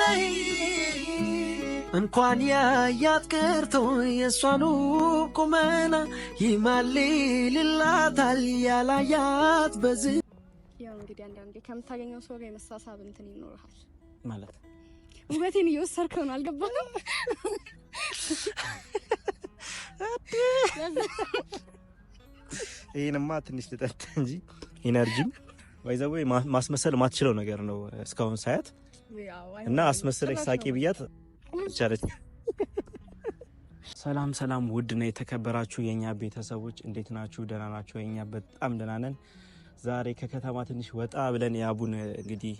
ላይ እንኳን ያያት ቀርቶ የእሷኑ ቁመና ይማል ያላያት በዝ ያው እንግዲህ አንዳንዴ ከምታገኘው ሰው ጋር የመሳሳብ እንትን ይኖርሃል ማለት ውበቴን እየወሰድከው ነው። ይህንማ ትንሽ እንጂ ኢነርጂም ማስመሰል ማትችለው ነገር ነው እስካሁን ሳያት እና አስመስለሽ ሳቂ ብያት ቻለች። ሰላም ሰላም፣ ውድና የተከበራችሁ የእኛ ቤተሰቦች እንዴት ናችሁ? ደህና ናችሁ? የእኛ በጣም ደህና ነን። ዛሬ ከከተማ ትንሽ ወጣ ብለን የአቡን እንግዲህ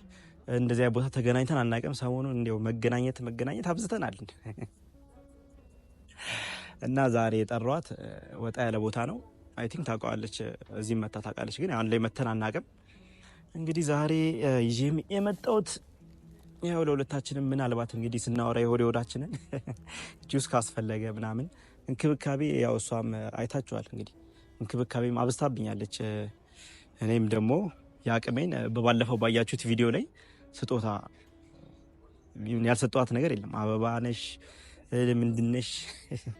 እንደዚያ ቦታ ተገናኝተን አናውቅም። ሰሞኑን እንዲያው መገናኘት መገናኘት አብዝተናል እና ዛሬ የጠሯት ወጣ ያለ ቦታ ነው። አይ ቲንክ ታውቀዋለች፣ እዚህም መታ ታውቃለች፣ ግን አሁን ላይ መተን አናውቅም። እንግዲህ ዛሬ ይዤም የመጣሁት ያው ለሁለታችንም ምናልባት እንግዲህ ስናወራ የሆድ ወዳችንን ጁስ ካስፈለገ ምናምን እንክብካቤ ያው እሷም አይታችኋል እንግዲህ እንክብካቤም አብስታብኛለች። እኔም ደግሞ የአቅሜን በባለፈው ባያችሁት ቪዲዮ ላይ ስጦታ ያልሰጠዋት ነገር የለም። አበባ ነሽ ምንድነሽ?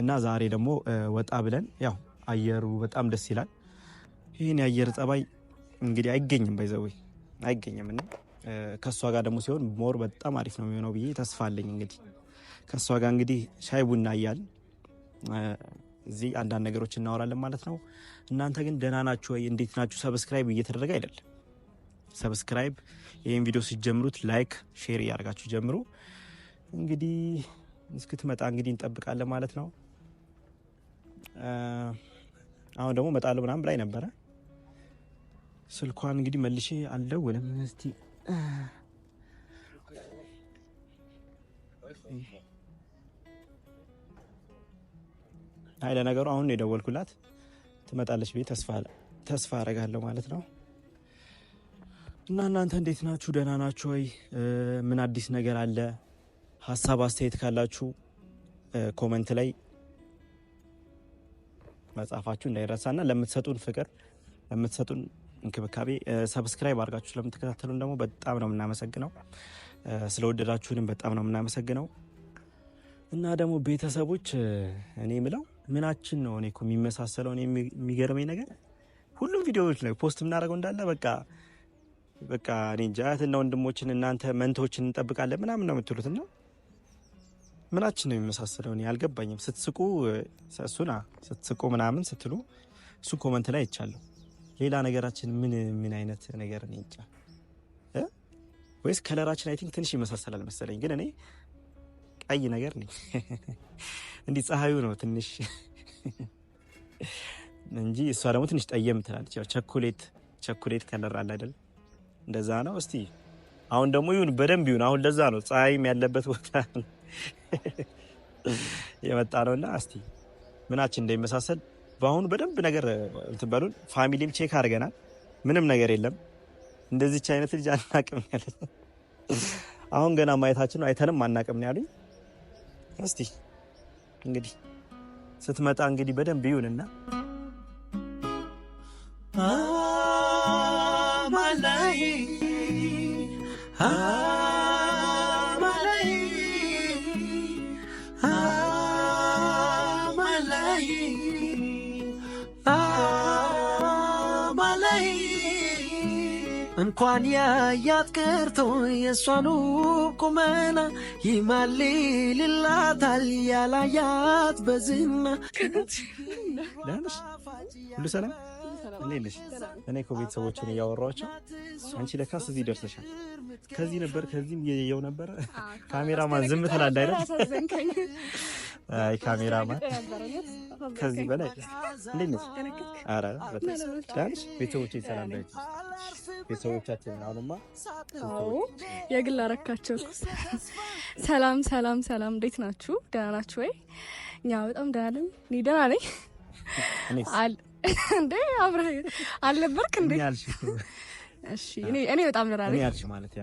እና ዛሬ ደግሞ ወጣ ብለን ያው አየሩ በጣም ደስ ይላል። ይህን የአየር ጸባይ እንግዲህ አይገኝም፣ ባይዘወይ አይገኝም እና ከእሷ ጋር ደግሞ ሲሆን ሞር በጣም አሪፍ ነው የሚሆነው ብዬ ተስፋ አለኝ። እንግዲህ ከእሷ ጋር እንግዲህ ሻይ ቡና እያል እዚህ አንዳንድ ነገሮች እናወራለን ማለት ነው። እናንተ ግን ደህና ናችሁ ወይ? እንዴት ናችሁ? ሰብስክራይብ እየተደረገ አይደለም። ሰብስክራይብ ይህን ቪዲዮ ሲጀምሩት ላይክ፣ ሼር እያደርጋችሁ ጀምሩ። እንግዲህ እስክትመጣ እንግዲህ እንጠብቃለን ማለት ነው። አሁን ደግሞ እመጣለሁ ምናምን ብላኝ ነበረ። ስልኳን እንግዲህ መልሼ አልደውልም እስቲ አይ ለነገሩ አሁን የደወልኩላት ትመጣለች ቤት ተስፋ አደርጋለሁ ማለት ነው። እና እናንተ እንዴት ናችሁ? ደህና ናችሁ ወይ? ምን አዲስ ነገር አለ? ሀሳብ አስተያየት ካላችሁ ኮመንት ላይ መጻፋችሁ እንዳይረሳና ለምትሰጡን ፍቅር ለምትሰጡን እንክብካቤ ሰብስክራይብ አድርጋችሁ ስለምትከታተሉ ደግሞ በጣም ነው የምናመሰግነው። ስለወደዳችሁንም በጣም ነው የምናመሰግነው። እና ደግሞ ቤተሰቦች እኔ ምለው ምናችን ነው እኔ እኮ የሚመሳሰለው የሚገርመኝ ነገር ሁሉም ቪዲዮዎች ላይ ፖስት የምናደርገው እንዳለ በቃ በቃ እኔ እንጃ እህትና ወንድሞችን እናንተ መንቶችን እንጠብቃለን ምናምን ነው የምትሉት እና ምናችን ነው የሚመሳሰለው? እኔ አልገባኝም። ስትስቁ እሱና ስትስቁ ምናምን ስትሉ እሱ ኮመንት ላይ አይቻለሁ። ሌላ ነገራችን ምን ምን አይነት ነገር ነው? እንጃ ወይስ ከለራችን አይ ቲንክ ትንሽ ይመሳሰላል መሰለኝ፣ ግን እኔ ቀይ ነገር ነኝ። እንዲህ ፀሐዩ ነው ትንሽ እንጂ እሷ ደግሞ ትንሽ ጠየም ትላለች። ያው ቸኮሌት ቸኮሌት ከለር አለ አይደል? እንደዛ ነው። እስቲ አሁን ደግሞ ይሁን በደንብ ይሁን። አሁን ለዛ ነው ፀሐይም ያለበት ቦታ የመጣ ነውና እስቲ ምናችን እንደሚመሳሰል በአሁኑ በደንብ ነገር እንትን በሉን። ፋሚሊም ቼክ አድርገናል፣ ምንም ነገር የለም። እንደዚች አይነት ልጅ አናቅም ያለ አሁን ገና ማየታችን ነው፣ አይተንም አናቅም ነው ያሉኝ። እስቲ እንግዲህ ስትመጣ እንግዲህ በደንብ ይሁንና እንኳን ያያት ቀርቶ የእሷኑ ቁመና ይማል ይልላታል ያላያት በዝና። ሁሉ ሰላም እንዴት ነሽ? እኔ እኮ ቤተሰቦችን እያወራኋቸው አንቺ ለካስ እዚህ ደርሰሻል። ከዚህ ነበር ከዚህም የው ነበረ ካሜራማን ዝም ትላለህ አይደል? አይ ካሜራማን ከዚህ በላይ እንዴት ነው? ኧረ ቤተሰቦች ሰላም ናቸው? ቤተሰቦቻችን አሁንማ የግል አረካቸው። ሰላም ሰላም ሰላም፣ እንዴት ናችሁ? ደህና ናችሁ ወይ? እኛ በጣም ደህና ነን። እኔ ደህና ነኝ። እንዴ አብረ አልነበርክ እንዴ? እሺ፣ እኔ በጣም ደህና ነኝ።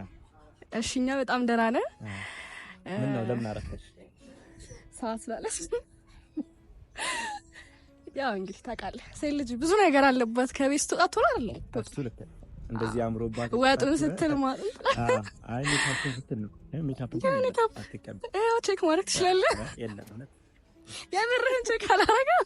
እሺ፣ እኛ በጣም ደህና ነን። ምን ነው ለምን አረካሽ? ሰዓት ስላለች ያው እንግዲህ ታውቃለህ፣ ሴት ልጅ ብዙ ነገር አለባት። ከቤት ስትወጣ ትሆን አለ እንደዚህ አምሮባት ወጡን ስትል ማለት ቼክ ማድረግ ትችላለህ። የምርህን ቼክ አላረገም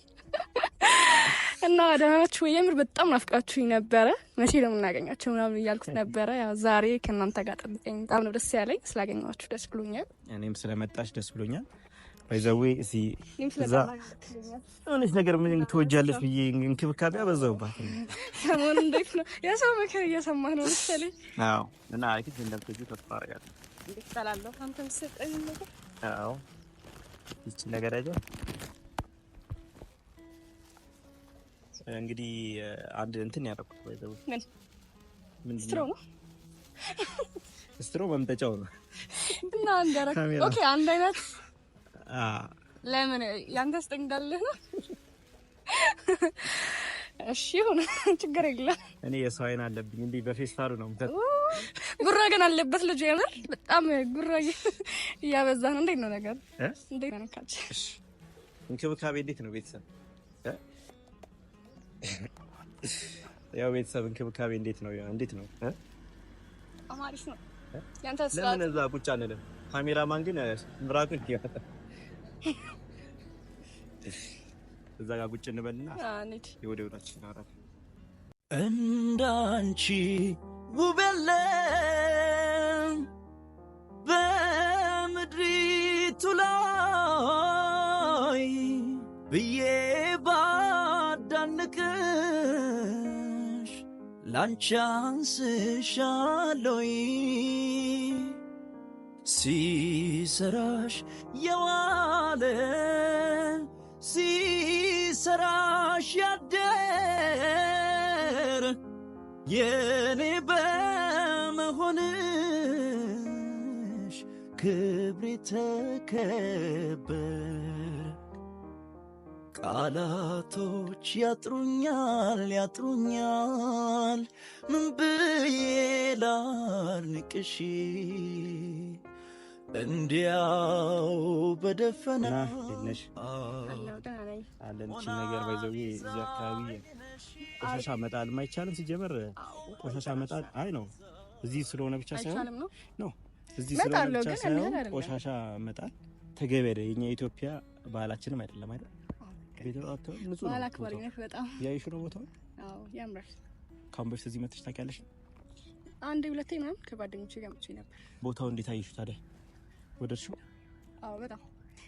እና ደህና ናችሁ ወይ? የምር በጣም ናፍቃችሁኝ ነበረ። መቼ ለምናገኛቸው ምናምን እያልኩት ነበረ። ያው ዛሬ ከእናንተ ጋር ጠብቀኝ። በጣም ነው ደስ ያለኝ። ስላገኘኋችሁ ደስ ብሎኛል። እኔም ስለመጣች ደስ ብሎኛል። ባይዘዌ እዚ እዛ የሆነች ነገር ምን ትወጃለች ብዬ እንክብካቤ አበዛውባት። ሰሞኑን እንዴት ነው የሰው ምክር እየሰማ ነው መሰለኝ። አዎ እና ተስፋ አደርጋለሁ። እንዴት ነገር። አዎ ይቺ ነገር እንግዲህ አንድ እንትን ያደረኩት ባይዘዌ ምን ስትሮ ነው ስትሮ መምጠጫው ነው እና አንድ አይነት ኦኬ አንድ አይነት ለምን ያንተ ጥንጋለህ ነው? እሺ ይሁን፣ ችግር የለም። እኔ የሰው አይን አለብኝ እንዴ? በፌስታሉ ነው ጉራ ግን አለበት ልጁ። የምር በጣም ጉራ እያበዛ ነው። እንዴት ነው ነገር? እንዴት ነው ካች? እንክብካቤ እንዴት ነው ቤተሰብ? ያው ቤተሰብ እንክብካቤ እንዴት ነው? እንዴት ነው? አማሪሽ ነው። ያንተስ ለምን እዛ ቁጭ አንልም? ካሜራማን ግን ምራቁን ይያታ እዛ ጋር ቁጭ እንበልና የወደ ውላችን ናራል እንዳንቺ ውብ የለም በምድሪቱ ላይ ብዬ ባዳንቅሽ ላንቺ አንስሻለሁ ሲሰራሽ የዋለ ሲሰራሽ ያደር የኔ በመሆንሽ ክብሬ ተከበር። ቃላቶች ያጥሩኛል ያጥሩኛል ምን ብዬ ላርንቅሽ እንዲያው በደፈና ነሽ አለንችን ነገር ባይዘው እዚህ አካባቢ ቆሻሻ መጣል አይቻልም። ሲጀመር ቆሻሻ መጣል አይ ነው እዚህ ስለሆነ ብቻ ሳይሆን ነው እዚህ ስለሆነ ብቻ ሳይሆን ቆሻሻ መጣል ተገቢ አይደል። የኛ ኢትዮጵያ ባህላችንም አይደለም አይደል። ቤተጣጥተው ንጹህ ነው። ቦታው ያምራል። ካምበርስ እዚህ መተሽ ታውቂያለሽ? አንድ ሁለቴ ምናምን ከጓደኞቼ ጋር መጥቼ ነበር። ቦታው እንዴት አየሹ ታዲያ? ወደድሽው? አዎ በጣም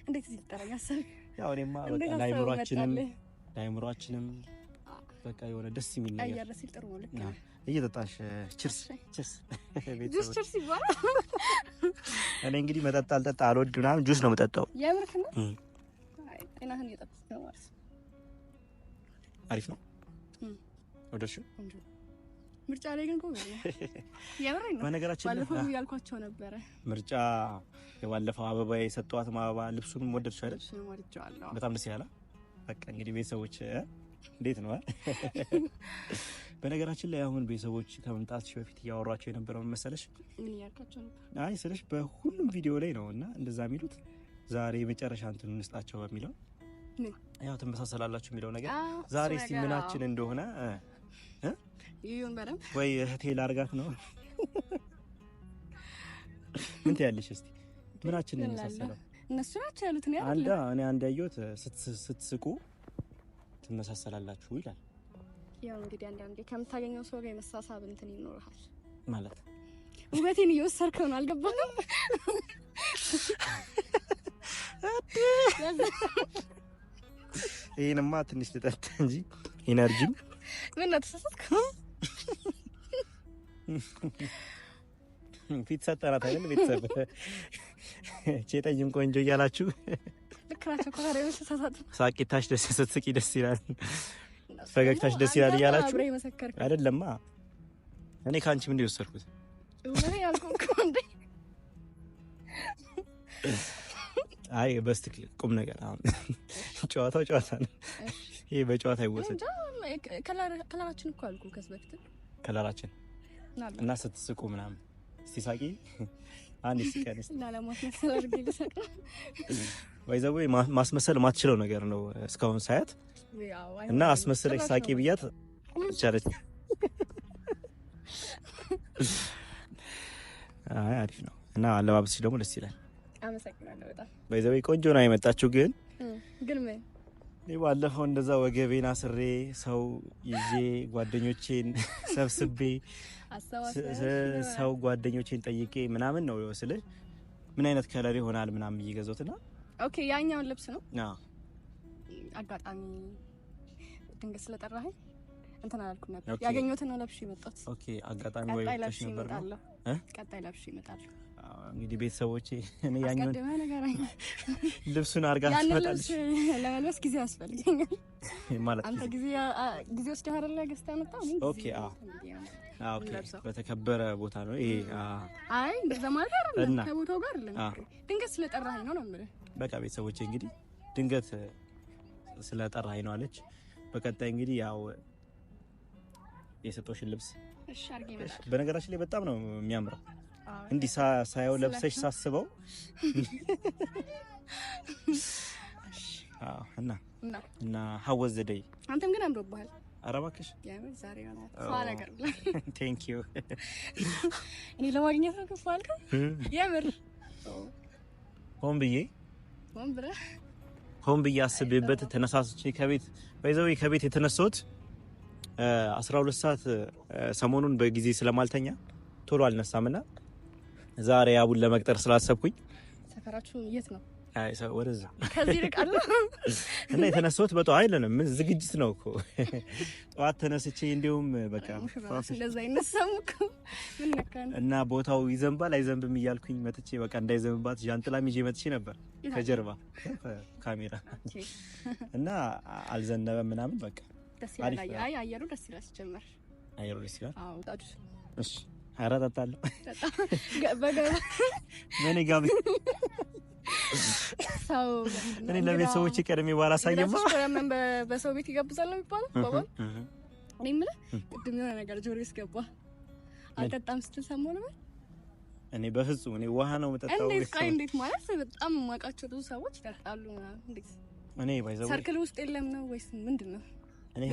እንዴት እዚህ ልጠራኝ አሰብ ያው እኔማ በቃ ለአይምሯችንም ለአይምሯችንም በቃ የሆነ ደስ የሚል ነገር እየጠጣሽ ችርስ ችርስ ይባላል። እኔ እንግዲህ መጠጥ አልጠጣ አልወድ ምናምን ጁስ ነው የምጠጣው። አሪፍ ነው እንጂ ምርጫ ላይ ግን ጎበዝ ነው። የምሬን ነው። በነገራችን ባለፈው ያልኳቸው ነበረ ምርጫ የባለፈው አበባ የሰጠዋት አበባ ልብሱንም ወደድሽ አይደል? በጣም ደስ ያለ በቃ እንግዲህ ቤተሰቦች እንዴት ነው? በነገራችን ላይ አሁን ቤተሰቦች ከመምጣትሽ በፊት እያወሯቸው የነበረው መሰለሽ? ምን እያልኳቸው አይ ስለሽ በሁሉም ቪዲዮ ላይ ነው እና እንደዛ የሚሉት ዛሬ የመጨረሻ እንትን እንስጣቸው በሚለው ያው ትመሳሰላላችሁ የሚለው ነገር ዛሬ ሲምናችን እንደሆነ ይሁን በደምብ ወይ እህቴ ላርጋት ነው። ምን ትያለሽ? እስቲ ምናችን ነው የሚመሳሰለው? እነሱ ናቸው ያሉት ነው አይደል? እኔ አንድ ያየሁት ስትስቁ ትመሳሰላላችሁ ይላል። ያው እንግዲህ አንዳንዴ ከምታገኘው ሰው ጋር የመሳሳብ እንትን ይኖርሃል ማለት ውበቴን እየወሰድከው ነው። አልገባንም። ይህንማ ትንሽ ልጠጣ እንጂ ኢነርጂም ምን ተሳሳትኩ? ፊት ሰጠናት አይደል? ቤተሰብ ቼጠኝም ቆንጆ እያላችሁ ልክ ናቸው። ሳቂታሽ ደስ ስትስቂ ደስ ይላል፣ ፈገግታሽ ደስ ይላል እያላችሁ አይደለማ። እኔ ከአንቺ ምንድን የወሰድኩት አይ በስትክክል ቁም ነገር አሁን ጨዋታው ጨዋታ ነው። ይሄ በጨዋታ ይወሰድ። ከለራችን እኮ አልኩ ከዚህ በፊት ከለራችን እና ስትስቁ ምናምን ሲሳቂ አንድ ሲቀንስ ባይዘዌ ማስመሰል ማትችለው ነገር ነው እስካሁን ሳያት እና አስመሰለች ሳቂ ብያት ቻለች። አይ አሪፍ ነው እና አለባበስሽ ደግሞ ደስ ይላል። አመሰግናለሁ። በጣም ባይዘዌ ቆንጆ ነው የመጣችው። ግን ግን ምን እኔ ባለፈው እንደዛ ወገቤን አስሬ ሰው ይዤ ጓደኞቼን ሰብስቤ ሰው ጓደኞቼን ጠይቄ ምናምን ነው ስልህ ምን አይነት ከለር ይሆናል ምናምን እየገዛሁት እና ኦኬ ያኛውን ልብስ ነው አጋጣሚ ድንገት ስለጠራኸኝ እንትን አላልኩም ነበር። ያገኘሁትን ነው ለብሼ የመጣሁት። ኦኬ አጋጣሚ ወይ ልብሽ ነበር ነው ቀጣይ ለብሼ እመጣለሁ። እንግዲህ ቤተሰቦቼ እኔ ያኛውን ልብሱን አርጋ ትመጣለች። ለመልበስ ጊዜ ያስፈልገኛል ማለት አንተ ጊዜ ጊዜ ውስጥ ወስደህ አይደለ ገዝተህ መጣሁ። ኦኬ አዎ አዎ ኦኬ። በተከበረ ቦታ ነው ይሄ። አይ እንደዛ ማለት አይደለም፣ ከቦታው ጋር አይደለም። ድንገት ስለጠራኸኝ ነው ነው የምልህ። በቃ ቤተሰቦቼ እንግዲህ ድንገት ስለጠራኸኝ ነው አለች። በቀጣይ እንግዲህ ያው የሰጠሽን ልብስ በነገራችን ላይ በጣም ነው የሚያምረው እንዲህ ሳየው ለብሰሽ ሳስበው እና እና ሀወዝ ዘደይ አንተም ግን አምሮብሃል። ኧረ እባክሽ ቴንክ ዩ። እኔ ለማግኘት ነው ከፍ አልከው። የምር ሆን ብዬ ሆን ሆን ብዬ አስቤበት ተነሳስቼ ከቤት ባይዘው ከቤት የተነሳሁት ሁለት ሰዓት ሰሞኑን በጊዜ ስለማልተኛ ቶሎ አልነሳምና ዛሬ አቡን ለመቅጠር ስላሰብኩኝ ሰፈራችሁ የት ነው? ወደዛ ከዚህ ርቃል እና የተነሳሁት በጠዋት አይለንም፣ ዝግጅት ነው እኮ ጠዋት ተነስቼ እንዲሁም በቃ እና ቦታው ይዘንባል አይዘንብም እያልኩኝ መጥቼ በቃ እንዳይዘንባት ዣንጥላም ይዤ መጥቼ ነበር ከጀርባ ካሜራ እና አልዘነበም ምናምን በቃ ደስ ይላል። አየሩ ደስ ይላል። ሲጀመር አየሩ ደስ ይላል። እሺ ኧረ እጠጣለሁ። በእኔ ጋቢ እኔ ለቤተሰቦቼ ቀድሜ በኋላ ሳይገባ በሰው ቤት ይጋብዛል ነው የሚባለው። እኔ የምልህ ቅድም የሆነ ነገር ጆሮ ስገባ አልጠጣም ስትል ሰማሁ ነበር። እኔ በፍጹም እኔ ውሃ ነው የምጠጣው። እንዴት ማለት በጣም የማውቃቸው ብዙ ሰዎች ይጠጣሉ። እኔ ባይዘው ሰርክል ውስጥ የለም ነው ወይስ ምንድን ነው? እኔ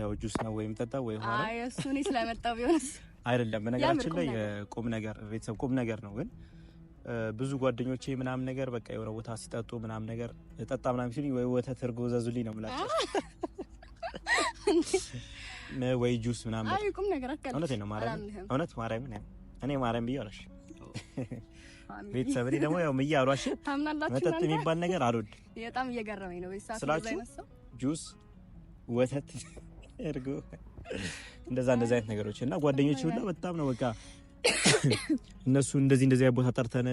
ያው ጁስ ነው ወይ የምጠጣው ወይ ውሃ ነው። እሱ እኔ ስለመጣሁ ቢሆንስ አይደለም። በነገራችን ላይ ቁም ነገር ቤተሰብ ቁም ነገር ነው። ግን ብዙ ጓደኞቼ ምናምን ነገር በቃ የሆነ ቦታ ሲጠጡ ምናምን ነገር ጠጣ ምናምን ሲሉኝ ወይ ወተት እርጎ ዘዙልኝ ነው የምላቸው ወይ ጁስ ምናምን። ነው ማርያም፣ እውነት ማርያም። እኔ ማርያም ብዬ አላሽ ቤተሰብ እኔ ደግሞ ያው ምያ አሏሽ መጠጥ የሚባል ነገር አልወድ በጣም እየገረመኝ ነው ስላችሁ ጁስ፣ ወተት፣ እርጎ እንደዛ እንደዛ አይነት ነገሮች እና ጓደኞች ሁላ በጣም ነው በቃ እነሱ እንደዚህ እንደዚህ ቦታ ጠርተን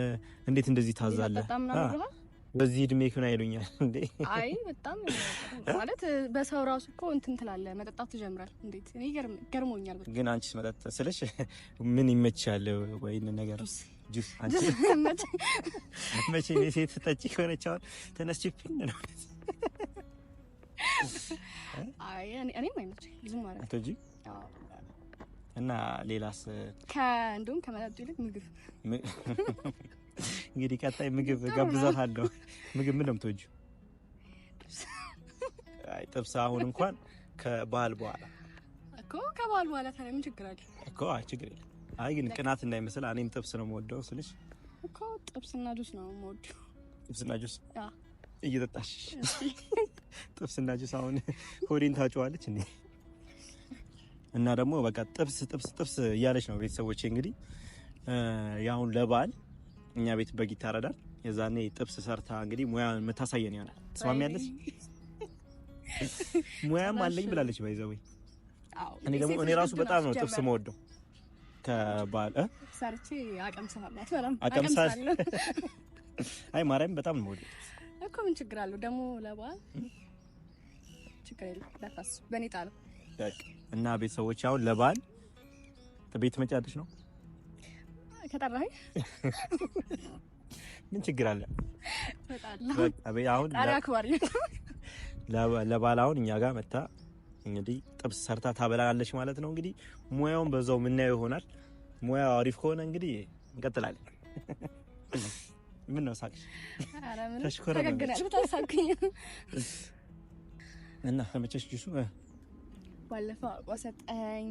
እንዴት እንደዚህ ታዛለህ በዚህ እድሜ ክን አይሉኛል እንዴ? አይ በጣም ማለት በሰው ራሱ እኮ እንትን ትላለህ፣ መጠጣት ትጀምራል። እንዴት እኔ ገርሞኛል። ግን አንቺስ መጠጥ ስለሽ ምን ይመችሻል? ወይን ነገር ጁስ አንቺ መቼ ሴት ጠጪ ከሆነች አሁን ተነስችብኝ ነው። አይ እኔም አይመቸኝ ዝም ማለት ጂ እና ሌላስ እንዲሁም ከመጠጡ ይልቅ ምግብ እንግዲህ ቀጣይ ምግብ ጋብዛታለሁ። ምግብ ምን ለምትወጁ? አይ ጥብስ። አሁን እንኳን ከበዓል በኋላ እኮ ከበዓል በኋላ ታዲያ ምን ችግር አለ እኮ? አይ ችግር የለም። አይ ግን ቅናት እንዳይመስል እኔም ጥብስ ነው የምወደው ስልሽ እኮ ጥብስና ጁስ ነው የምወደው። ጥብስና ጁስ እየጠጣሽ ጥብስና ጁስ አሁን ሆዴን ታጭዋለች እንዴ? እና ደግሞ በቃ ጥብስ ጥብስ ጥብስ እያለች ነው ቤተሰቦች እንግዲህ ያሁን ለበዓል እኛ ቤት በግ ይታረዳል። የዛኔ ጥብስ ሰርታ እንግዲህ ሙያ የምታሳየን ይሆናል። ትስማሚያለች? ሙያም አለኝ ብላለች። ባይዘዌ እኔ ደግሞ እኔ ራሱ በጣም ነው ጥብስ መወደው ከባለ ሰርቼ አይ ማርያም በጣም ነው ወደው እኮ ምን ችግር አለው ደግሞ ለበዓል ችግር የለም። ለፋስ በኔ ጣለው እና ቤተሰቦች አሁን ለበዓል ቤት መጫለች ነው ከጠራኸኝ ምን ችግር አለ? ለበዓል አሁን እኛ ጋር መታ እንግዲህ ጥብስ ሰርታ ታበላለች ማለት ነው። እንግዲህ ሙያውን በዛው የምናየው ይሆናል። ሙያው አሪፍ ከሆነ እንግዲህ እንቀጥላለን። ምን ነው ሳቅሽ? ተሽኮረ እና መቸሽ ጁሱ ባለፈው ሰጠኝ።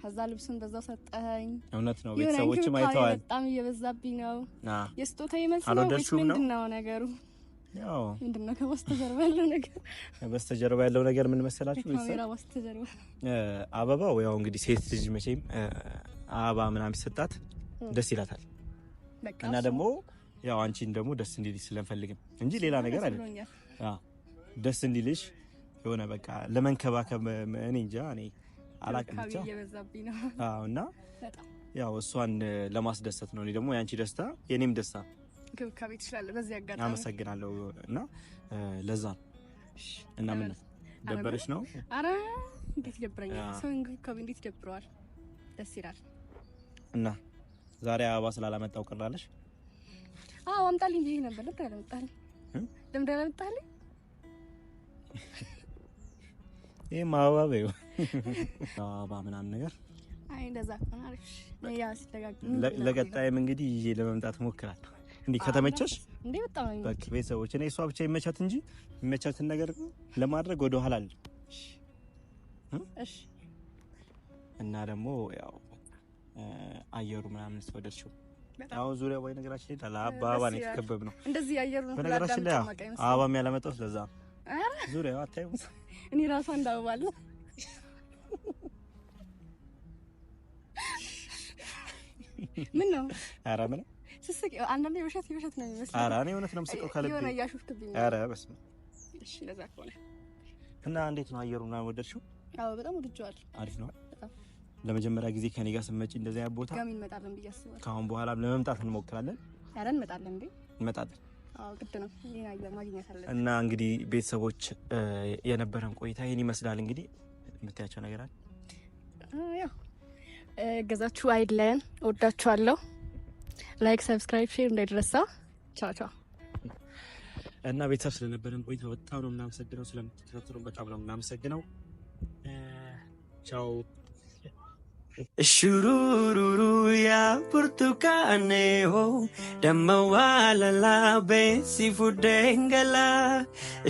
ከዛ ልብሱን በዛው ሰጠኝ። እውነት ነው፣ ቤተሰቦች አይተዋል። በጣም እየበዛብኝ ነው። የስጦታ ይመስል ነው ነገሩ? ያው ምንድነው ከበስተጀርባ ያለው ነገር? በስተጀርባ ያለው ነገር ምን መሰላችሁ? ካሜራ በስተጀርባ አበባው። ያው እንግዲህ ሴት ልጅ መቼም አበባ ምናምን ሲሰጣት ደስ ይላታል። እና ደግሞ ያው አንቺን ደግሞ ደስ እንዲልሽ ስለምፈልግም እንጂ ሌላ ነገር አይደለም። ደስ እንዲልሽ የሆነ በቃ ለመንከባከብ እኔ እንጃ እኔ አላቅም ብቻ እና ያው እሷን ለማስደሰት ነው። እኔ ደግሞ የአንቺ ደስታ የእኔም ደስታ እንክብካቤ ትችላለህ። በዚህ አጋጣሚ አመሰግናለሁ እና ለዛ ነው እና ምን ደበረች ነው? አረ እንዴት ይደብረኛል ሰው እንክብካቤ እንዴት ይደብረዋል? ደስ ይላል። እና ዛሬ አበባ ስላላመጣው ቅራለሽ? አዎ አምጣልኝ ነበር። ለምን አላመጣልኝ? ለምን አላመጣልኝ? ይሄ ማባ በይው አበባ ምናምን ነገር አይ እንደዛ ከሆነ አሪፍ ያው ሲደጋግም ለቀጣይም እንግዲህ ይዤ ለመምጣት ሞክራለሁ። እንዴ ከተመቸሽ እንዴ በጣም ነው በቃ ቤተሰቦች፣ እኔ እሷ ብቻ ይመቻት እንጂ የሚመቻትን ነገር ለማድረግ ወደ ኋላ አለ። እሺ እና ደግሞ ያው አየሩ ምናምን ስለወደድሽው አሁን ዙሪያ ወይ ነገራችን ላይ አበባ ነው የተከበብ ነው እንደዚህ አየሩ ነው። ነገራችን ላይ አበባ የሚያለመጣው ስለዛ ዙሪያው አታዩም? እኔ ራሷ እንዳበባለሁ ምን ነው? ኧረ ምን ስስቅ አንዳንዴ የውሸት የውሸት ነው የሚመስለው። ኧረ እኔ እውነት ነው የምስቀው ከልቤ የሆነ እያሾፍክብኝ። ኧረ በስመ እሺ ለዛ ከሆነ እና እንዴት ነው አየሩ ምናምን ወደድሽው? አዎ በጣም ወድጄዋለሁ። አሪፍ ነው። ለመጀመሪያ ጊዜ ከኔ ጋር ስትመጪ እንደዚህ አይነት ቦታ ጋር እንመጣለን ብዬ አስባለሁ። ከአሁን በኋላ ለመምጣት እንሞክራለን። ኧረ እንመጣለን እንዴ እንመጣለን እና እንግዲህ ቤተሰቦች የነበረን ቆይታ ይህን ይመስላል። እንግዲህ የምታያቸው ነገር አለ ገዛችሁ አይለን ወዳችኋለሁ። ላይክ፣ ሰብስክራይብ፣ ሼር እንዳይደረሳ። ቻው ቻው። እና ቤተሰብ ስለነበረን ቆይታ በጣም ነው የምናመሰግነው። ስለምትከታተሉ በጣም ነው የምናመሰግነው። ቻው Shurururu ya burtukaane hoo oh. damma waa lalaa beeksifu deengalaa.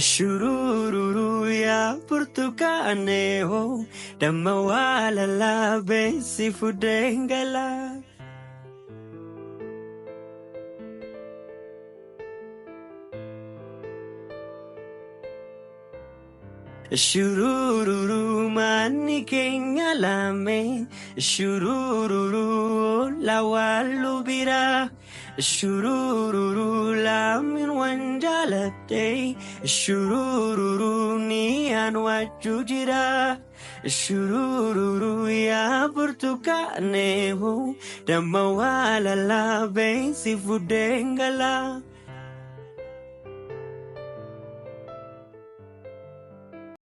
Shurururu yaa burtukaane oh. Shurururu maniking alame la walubira, Shurururu lamin wanjalate ni nian wajujira Shurururu ya burtukane ho Damawala la bensi fudengala